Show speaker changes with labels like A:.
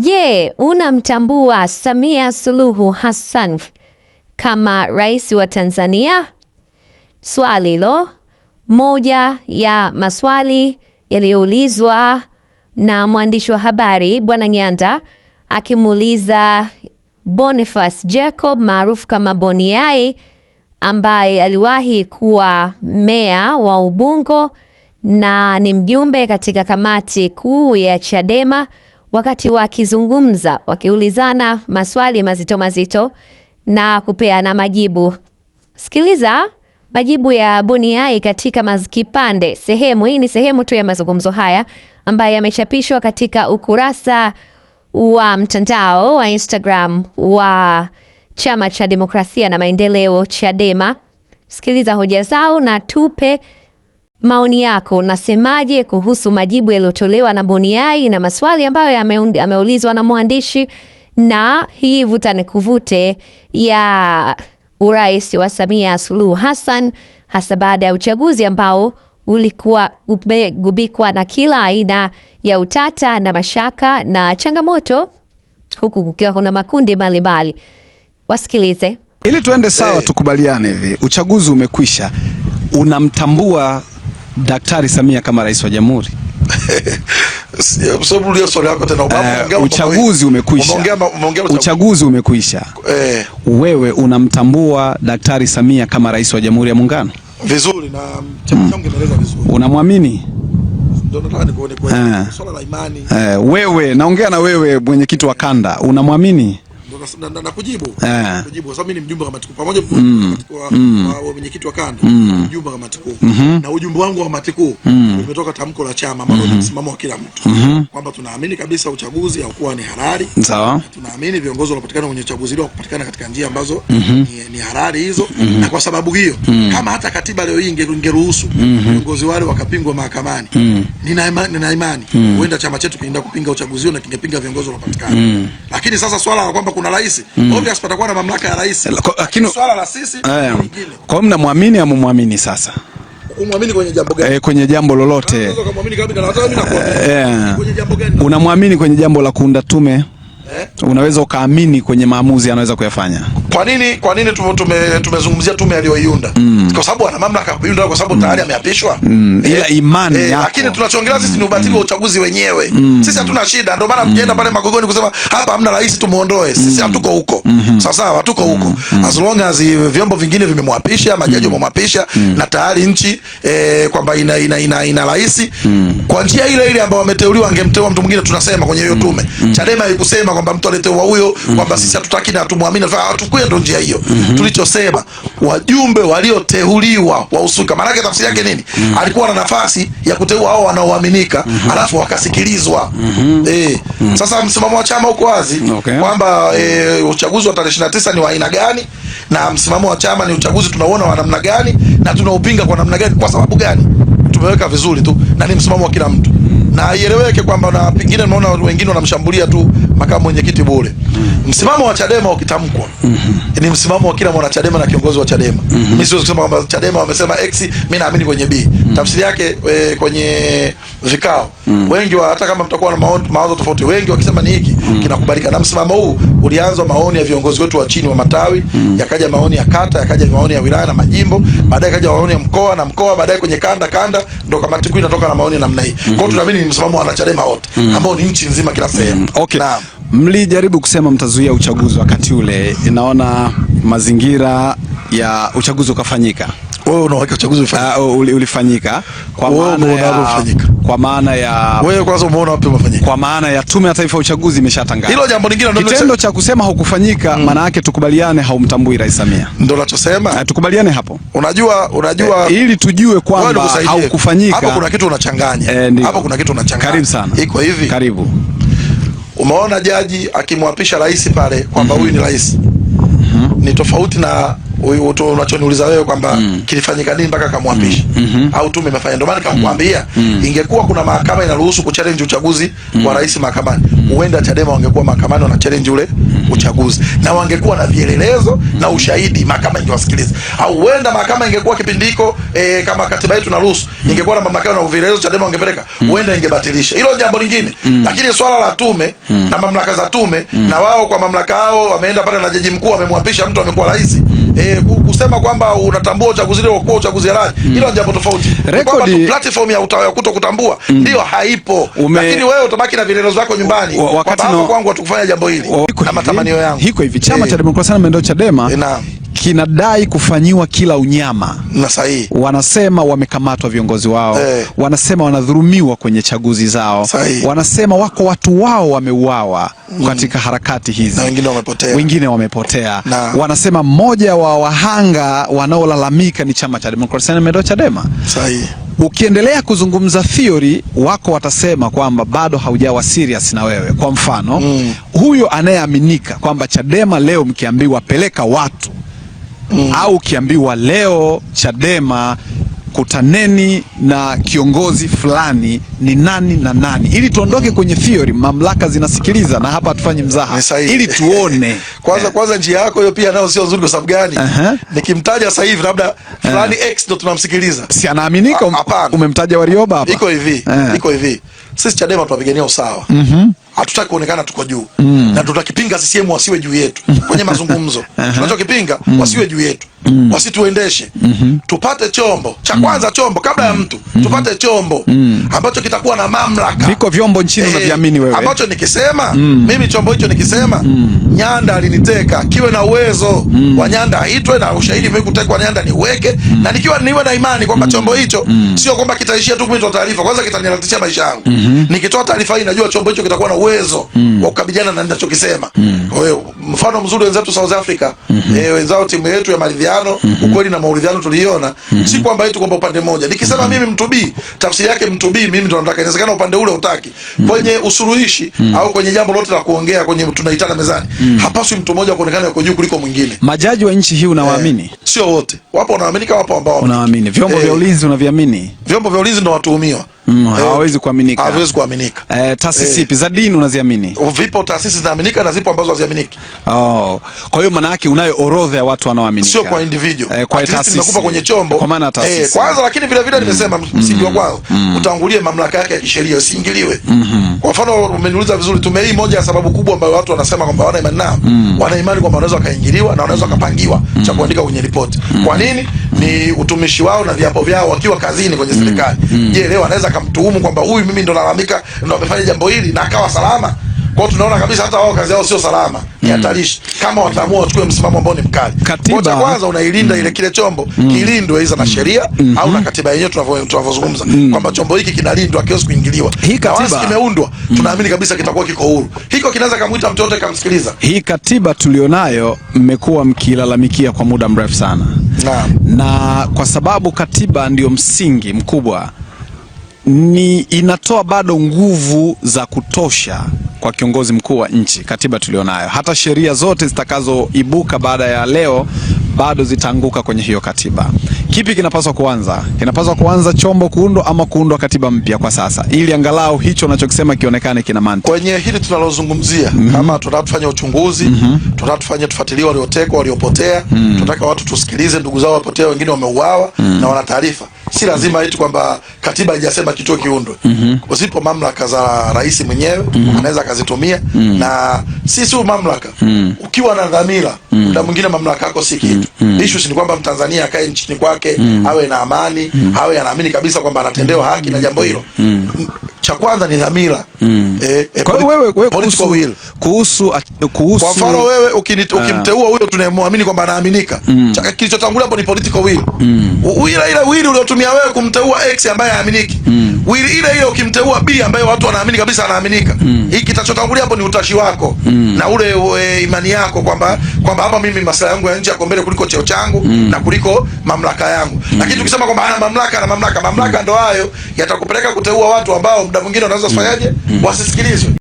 A: Je, unamtambua Samia Suluhu Hassan kama rais wa Tanzania? Swali lo moja ya maswali yaliyoulizwa na mwandishi wa habari Bwana Nyanda akimuuliza Boniface Jacob maarufu kama boniai ambaye aliwahi kuwa meya wa Ubungo na ni mjumbe katika kamati kuu ya Chadema wakati wakizungumza, wakiulizana maswali mazito mazito na kupeana majibu. Sikiliza majibu ya Buniai katika mazikipande sehemu hii. Ni sehemu tu ya mazungumzo haya ambayo yamechapishwa katika ukurasa wa mtandao wa Instagram wa Chama cha Demokrasia na Maendeleo, Chadema. Sikiliza hoja zao na tupe maoni yako, nasemaje kuhusu majibu yaliyotolewa na Boniai na maswali ambayo yameulizwa na mwandishi na hii vuta ni kuvute ya urais wa Samia Suluhu Hassan, hasa baada ya uchaguzi ambao ulikuwa umegubikwa na kila aina ya utata na mashaka na changamoto, huku kukiwa kuna makundi mbalimbali. Wasikilize
B: ili tuende sawa, eh. tukubaliane hivi, uchaguzi umekwisha, unamtambua Daktari Samia kama rais wa jamhuri
C: uh,
B: uchaguzi umekwisha, uchaguzi umekwisha eh. Wewe unamtambua Daktari Samia kama rais wa jamhuri ya muungano vizuri, na chama hmm. changu kinaeleza vizuri, unamwamini eh. eh, wewe naongea na wewe mwenyekiti wa kanda unamwamini
C: na, na, na kujibu yeah. kujibu kwa sababu mimi ni mjumbe wa kamati kuu
B: pamoja mm.
C: kwa mm. wa mwenyekiti wa kanda mm. mjumbe wa kamati kuu mm -hmm. na ujumbe wangu wa kamati kuu mm. umetoka tamko la chama ambalo mm -hmm. msimamo wa kila mtu mm -hmm. kwamba tunaamini kabisa uchaguzi haukuwa ni halali sawa. Tunaamini viongozi wanapatikana kwenye uchaguzi huu kupatikana katika njia ambazo mm -hmm. ni, ni halali hizo mm -hmm. na kwa sababu hiyo mm -hmm. kama hata katiba leo hii ingeruhusu mm -hmm. viongozi wale wakapingwa mahakamani mm -hmm. nina imani nina mhm. imani huenda mm -hmm. chama chetu kinaenda kupinga uchaguzi huu na kingepinga viongozi wanapatikana mm -hmm. lakini sasa swala la kwamba kuna rais mm. Obvious patakuwa na mamlaka ya rais, lakini swala la sisi
B: eh, lingine. Kwa hiyo mnamwamini au mumwamini sasa
C: kumwamini kwenye jambo gani? eh, kwenye jambo lolote eh,
B: eh, unamwamini kwenye jambo la kuunda tume eh? Unaweza ukaamini kwenye maamuzi anaweza kuyafanya
C: kwa nini kwa nini tume tumezungumzia tume aliyoiunda? Mm. Kwa sababu ana mamlaka kuiunda kwa sababu mm. tayari ameapishwa.
B: Mm. Eh, Ila imani e, yako.
C: Lakini tunachoongelea sisi ni ubatili wa mm. uchaguzi wenyewe. Mm. Sisi hatuna shida. Ndio maana mm. pale Magogoni kusema hapa hamna rais tumuondoe. Sisi mm. hatuko mm. huko. Mm -hmm. sawa hatuko huko. Mm. mm. As long as vyombo vingine vimemwapisha, majaji mm. wamemwapisha mm. na tayari nchi e, kwamba ina ina ina, ina rais mm. kwa njia ile ile ambayo wameteuliwa angemteua mtu mwingine tunasema kwenye hiyo tume. Mm. Chadema haikusema kwamba mtu aliteua huyo kwamba sisi hatutaki na tumwamini. Hatuku hiyo ndo njia hiyo mm -hmm. Tulichosema wajumbe walioteuliwa wahusika, maanake tafsiri yake nini? mm -hmm. Alikuwa na nafasi ya kuteua hao wanaoaminika mm -hmm. alafu wakasikilizwa mm -hmm. E, mm -hmm. Sasa msimamo wa chama uko wazi okay. kwamba e, uchaguzi wa tarehe 29 ni wa aina gani na msimamo wa chama ni uchaguzi tunauona wa namna gani na tunaupinga kwa namna gani, kwa sababu gani? Tumeweka vizuri tu na ni msimamo wa kila mtu na haieleweke kwamba, na pengine naona wengine wanamshambulia tu makamu mwenyekiti bure. Msimamo wa Chadema ukitamkwa mm -hmm. ni msimamo wa kila mwanachadema na kiongozi wa Chadema mm -hmm. mimi siwezi kusema kwamba Chadema wamesema X, mimi naamini kwenye B mm -hmm. tafsiri yake e, kwenye vikao mm -hmm. wengi wa, hata kama mtakuwa na maoni mawazo tofauti, wengi wakisema ni hiki mm -hmm. kinakubalika. Na msimamo huu ulianza maoni ya viongozi wetu wa chini wa matawi mm -hmm. yakaja maoni ya kata, yakaja maoni ya wilaya na majimbo, baadaye kaja maoni ya mkoa na mkoa, baadaye kwenye kanda kanda, ndo kamati kuu inatoka na maoni namna hii mm -hmm. kwa hiyo tunaamini ni msimamo wa wanachadema wote mm. ambao ni nchi nzima kila sehemu mm.
B: okay. na mlijaribu kusema mtazuia uchaguzi wakati ule, inaona mazingira ya uchaguzi ukafanyika.
C: Wewe unaona uchaguzi ulifanyika,
B: uh, ulifanyika kwa maana ya
C: kwa maana ya wewe kwanza umeona wapi umefanyika,
B: kwa maana ya Tume ya Taifa ya Uchaguzi imeshatangaza hilo jambo. Lingine ndio kitendo cha kusema haukufanyika, mm. maana yake tukubaliane, haumtambui Rais Samia,
C: ndio na eh,
B: tukubaliane hapo.
C: Unajua, unajua e,
B: ili tujue kwamba haukufanyika hapo,
C: kuna kitu unachanganya e, eh, hapo kuna kitu unachanganya. Karibu sana, iko hivi, karibu. Umeona jaji akimwapisha rais pale kwamba mhm. huyu mm -hmm. ni rais
B: mm -hmm.
C: ni tofauti na uto unachoniuliza wewe kwamba mm. kilifanyika nini mpaka kamwampisha mm -hmm. au tume imefanya. Ndio maana nikamwambia mm. ingekuwa kuna mahakama inaruhusu kuchallenge uchaguzi mm. wa rais mahakamani, mm. huenda mm. Chadema wangekuwa mahakamani wana challenge ule uchaguzi, na wangekuwa na vielelezo na ushahidi, mahakama ingewasikiliza. Au huenda mahakama ingekuwa kipindi hiko e, kama katiba yetu naruhusu, ingekuwa na mamlaka na vielelezo, Chadema wangepeleka, huenda ingebatilisha hilo jambo lingine. Mm. Lakini swala la tume mm. na mamlaka za tume, mm. na wao kwa mamlaka yao wameenda pale na jaji mkuu amemwapisha mtu amekuwa rais E, kusema kwamba unatambua uchaguzi leo kwa uchaguzi halali mm. Hilo ni jambo tofauti. Rekodi platform ya utawa ya kutokutambua mm. Ndio haipo Ume... Lakini wewe utabaki na vilelezo vyako nyumbani, wakati na kwangu watu kufanya jambo hili
B: na matamanio matamanio yangu. Hiko hivi chama cha eh. demokrasia na maendeleo Chadema kinadai kufanyiwa kila unyama na sahihi. Wanasema wamekamatwa viongozi wao e, wanasema wanadhulumiwa kwenye chaguzi zao sahihi. Wanasema wako watu wao wameuawa mm, katika harakati hizi na
C: wengine wamepotea,
B: wengine wamepotea. Wanasema mmoja wa wahanga wanaolalamika ni chama cha demokrasia na maendeleo Chadema sahihi. Ukiendelea kuzungumza theory, wako watasema kwamba bado haujawa serious na wewe. Kwa mfano mm. huyo anayeaminika kwamba Chadema leo mkiambiwa peleka watu mm. au ukiambiwa leo Chadema kutaneni na kiongozi fulani ni nani na nani, ili tuondoke kwenye theory. Mamlaka zinasikiliza na hapa hatufanyi mzaha, ili tuone
C: kwanza kwanza njia yako hiyo pia nayo sio nzuri. Kwa sababu gani? uh -huh. Nikimtaja sasa hivi labda fulani uh eh. -huh. X ndo tunamsikiliza,
B: si anaaminika? Umemtaja Warioba hapa. Iko hivi uh eh. -huh. iko
C: hivi, sisi Chadema tunapigania usawa. uh mhm. -huh hatutaki kuonekana tuko juu mm. na tutakipinga CCM wasiwe juu yetu kwenye mazungumzo tunachokipinga uh mm. wasiwe juu yetu mm. wasituendeshe mm -hmm. tupate chombo cha kwanza, mm. chombo kabla ya mm. mtu mm -hmm. tupate chombo mm. ambacho kitakuwa na mamlaka.
B: Viko vyombo nchini hey, eh, unaviamini wewe,
C: ambacho nikisema mm. mimi chombo hicho nikisema mm. Nyanda aliniteka kiwe na uwezo mm. wa Nyanda aitwe na ushahidi mimi kutekwa Nyanda niweke mm. na nikiwa niwe na imani kwamba mm. chombo hicho mm. sio kwamba kitaishia tu kumtoa taarifa, kwanza kitaniratisha maisha yangu mm -hmm. nikitoa taarifa hii najua chombo hicho kitakuwa na uwezo uwezo mm. wa kukabiliana na ninachokisema. Mm. Kwa hiyo mfano mzuri wenzetu South Africa, mm -hmm. e, wenzao timu yetu ya maridhiano, mm -hmm. ukweli na maridhiano tuliona, mm -hmm. si kwamba eti kwamba upande mmoja. Nikisema mm -hmm. mimi mtu B tafsiri yake mtu B mimi ndo nataka, inawezekana upande ule utaki. Mm -hmm. Kwenye usuluhishi mm -hmm. au kwenye jambo lote la kuongea kwenye tunaitana mezani, mm -hmm. hapaswi mtu mmoja kuonekana yuko juu kuliko mwingine.
B: Majaji wa nchi hii unawaamini? e,
C: sio wote. Wapo kama wapo ambao
B: unawaamini. Vyombo eh, vya ulinzi unaviamini?
C: Vyombo vya ulinzi ndo watuhumiwa.
B: Mm, hawezi eh, kuaminika.
C: Hawezi kuaminika.
B: Eh, taasisi eh. ipi za dini unaziamini?
C: Vipo taasisi zinaaminika na zipo ambazo haziaminiki.
B: Oh. Kwa hiyo maana yake unayo orodha ya watu wanaoamini,
C: Sio kwa individual. Eh, kwa taasisi. Nakupa kwenye chombo.
B: Kwa maana eh, taasisi. Eh,
C: kwanza lakini vile vile mm. nimesema mm, msingi wa mm. kwanza mm. utangulie mamlaka yake ya kisheria usiingiliwe. Mm-hmm. Kwa mfano umeniuliza vizuri, tume hii moja ya sababu kubwa ambayo watu wanasema kwamba wana imani nao, mm, wana imani kwamba wanaweza kaingiliwa na wanaweza kapangiwa mm, cha kuandika kwenye ripoti. mm. Kwa nini? ni utumishi wao na viapo vyao wakiwa kazini kwenye mm. serikali. Mm. Je, mm, mm. leo anaweza akamtuhumu kwamba huyu mimi ndo nalalamika ndo amefanya jambo hili na akawa salama? Kwa tunaona kabisa hata wao kazi yao sio salama, ni mm. hatarishi kama wataamua wachukue msimamo ambao ni mkali. Kwanza kwanza unailinda mm. ile kile chombo
B: mm. kilindwe
C: iza na mm. sheria mm -hmm. au na katiba yenyewe tunavyozungumza mm. kwamba chombo hiki kinalindwa, kiwezi kuingiliwa. Hii katiba kimeundwa, mm. tunaamini kabisa kitakuwa kiko huru. Hiko kinaweza kumuita mtoto kamsikiliza.
B: Hii katiba tulionayo mmekuwa mkilalamikia kwa muda mrefu sana na, na kwa sababu katiba ndio msingi mkubwa ni inatoa bado nguvu za kutosha kwa kiongozi mkuu wa nchi, katiba tulionayo. Hata sheria zote zitakazoibuka baada ya leo bado zitaanguka kwenye hiyo katiba. Kipi kinapaswa kuanza? Kinapaswa kuanza chombo kuundwa ama kuundwa katiba mpya kwa sasa, ili angalau hicho unachokisema kionekane kina mantiki
C: kwenye hili tunalozungumzia. mm -hmm. Kama tunataka tufanye uchunguzi, mm -hmm. tunataka tufanye tufuatilie waliotekwa, waliopotea. mm -hmm. Tunataka watu tusikilize, ndugu zao wapotea, wengine wameuawa, mm -hmm. na wana taarifa. Si lazima eti kwamba katiba haijasema kituo kiundwe. mm -hmm. Zipo mamlaka za rais mwenyewe mm -hmm. anaweza akazitumia
B: mm -hmm. na
C: si si mamlaka mm -hmm. ukiwa na dhamira mm -hmm. mwingine mamlaka yako si kitu mm -hmm. Issue ni kwamba Mtanzania akae nchini kwake mm -hmm. awe na amani mm -hmm. awe anaamini kabisa kwamba anatendewa haki mm -hmm. na jambo hilo mm -hmm. cha kwanza ni dhamira mm eh, eh, kwa
B: wewe, wewe kuhusu, kuhusu
C: kuhusu kwa mfano wewe ah. ukimteua huyo tunayemwamini kwamba anaaminika mm kilichotangulia hapo ni political will mm -hmm. ile will uliotumia wewe kumteua x ambaye ambaye haaminiki mm. wili ile ile ukimteua B ambaye watu wanaamini kabisa anaaminika mm. hiki kitachotangulia hapo ni utashi wako mm. na ule e, imani yako kwamba kwamba hapa mimi maslahi yangu ya nje yako mbele kuliko cheo changu mm. na kuliko mamlaka yangu mm. lakini tukisema kwamba ana mamlaka na mamlaka mamlaka mm. ndo hayo yatakupeleka kuteua watu ambao muda mwingine wanaweza kufanyaje mm. mm. wasisikilizwe